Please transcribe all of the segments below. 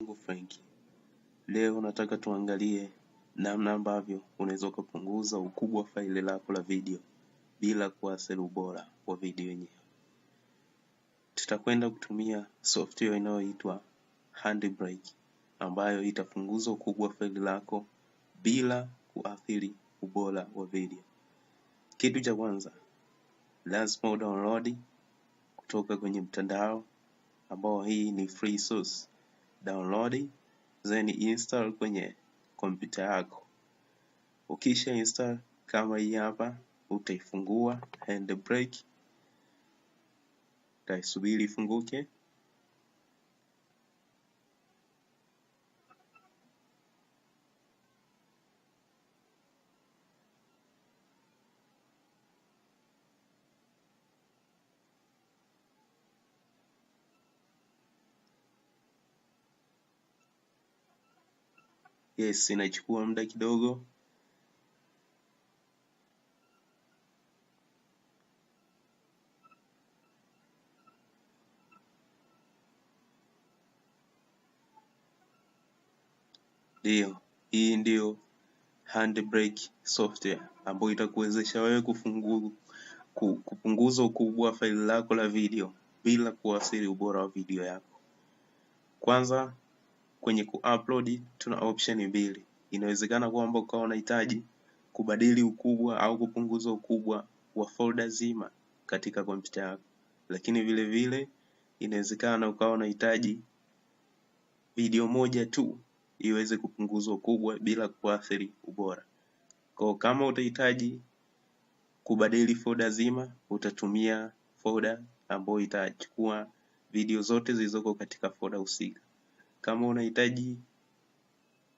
Mungu Frank. Leo nataka tuangalie namna ambavyo unaweza ukapunguza ukubwa wa faili lako la video bila kuathiri ubora wa video yenyewe. Tutakwenda kutumia software inayoitwa Handbrake ambayo itapunguza ukubwa wa faili lako bila kuathiri ubora wa video. Kitu cha kwanza, lazima udownload kutoka kwenye mtandao ambao hii ni free source downloading then install kwenye kompyuta yako. Ukisha install kama hii hapa, utaifungua handbrake, utaisubiri ifunguke. Yes, inachukua muda kidogo. Ndiyo, hii ndio handbrake software ambayo itakuwezesha wewe kufungu, kupunguza ukubwa wa faili lako la video bila kuathiri ubora wa video yako. Kwanza kwenye kuupload tuna option mbili. Inawezekana kwamba ukawa unahitaji kubadili ukubwa au kupunguza ukubwa wa folder zima katika kompyuta yako, lakini vile vile inawezekana ukawa unahitaji video moja tu iweze kupunguzwa ukubwa bila kuathiri ubora. Kwa kama utahitaji kubadili folder zima, utatumia folder ambayo itachukua video zote zilizoko katika folder husika. Kama unahitaji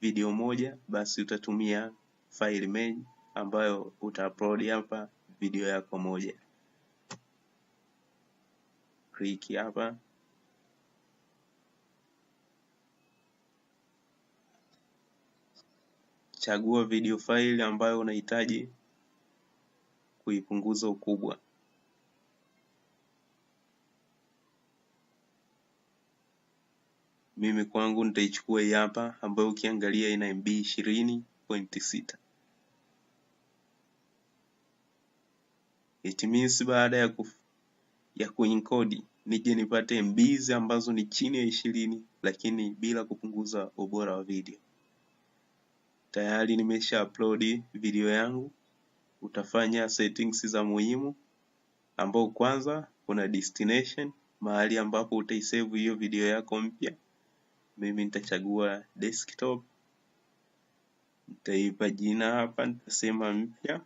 video moja, basi utatumia file main ambayo utaupload hapa video yako moja. Click hapa chagua video file ambayo unahitaji kuipunguza ukubwa. mimi kwangu nitaichukua hii hapa ambayo ukiangalia ina MB ishirini It means baada ya ku ya kuinkodi nije nipate MBs ambazo ni chini ya ishirini lakini bila kupunguza ubora wa video. Tayari nimesha upload video yangu. Utafanya settings za muhimu, ambao kwanza kuna destination, mahali ambapo utaisave hiyo video yako mpya mimi nitachagua desktop nitaipa jina hapa nitasema mpya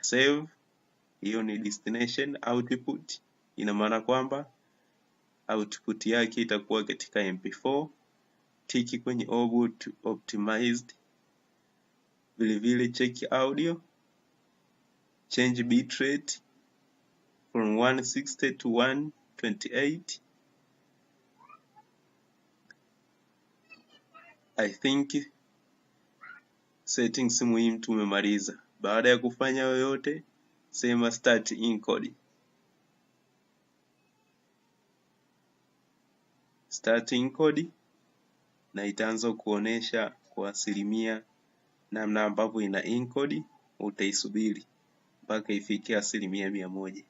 save hiyo ni destination output ina maana kwamba output yake itakuwa katika mp4 tiki kwenye Obut optimized vilevile check audio change bitrate from 160 to 128 I think settings muhimu tumemaliza. Baada ya kufanya yoyote, sema start encoding. Start encode na itaanza kuonesha kwa asilimia namna ambavyo ina encode. Utaisubiri mpaka ifikie asilimia mia moja.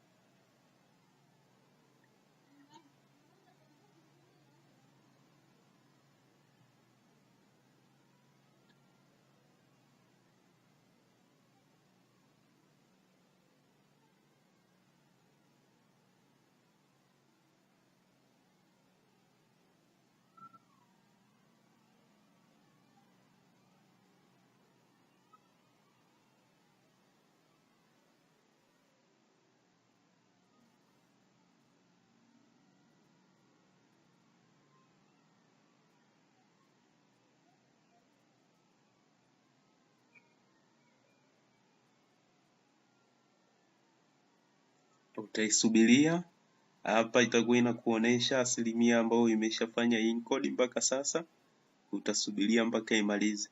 utaisubiria hapa, itakuwa inakuonesha asilimia ambayo imeshafanya encode mpaka sasa, utasubiria mpaka imalize.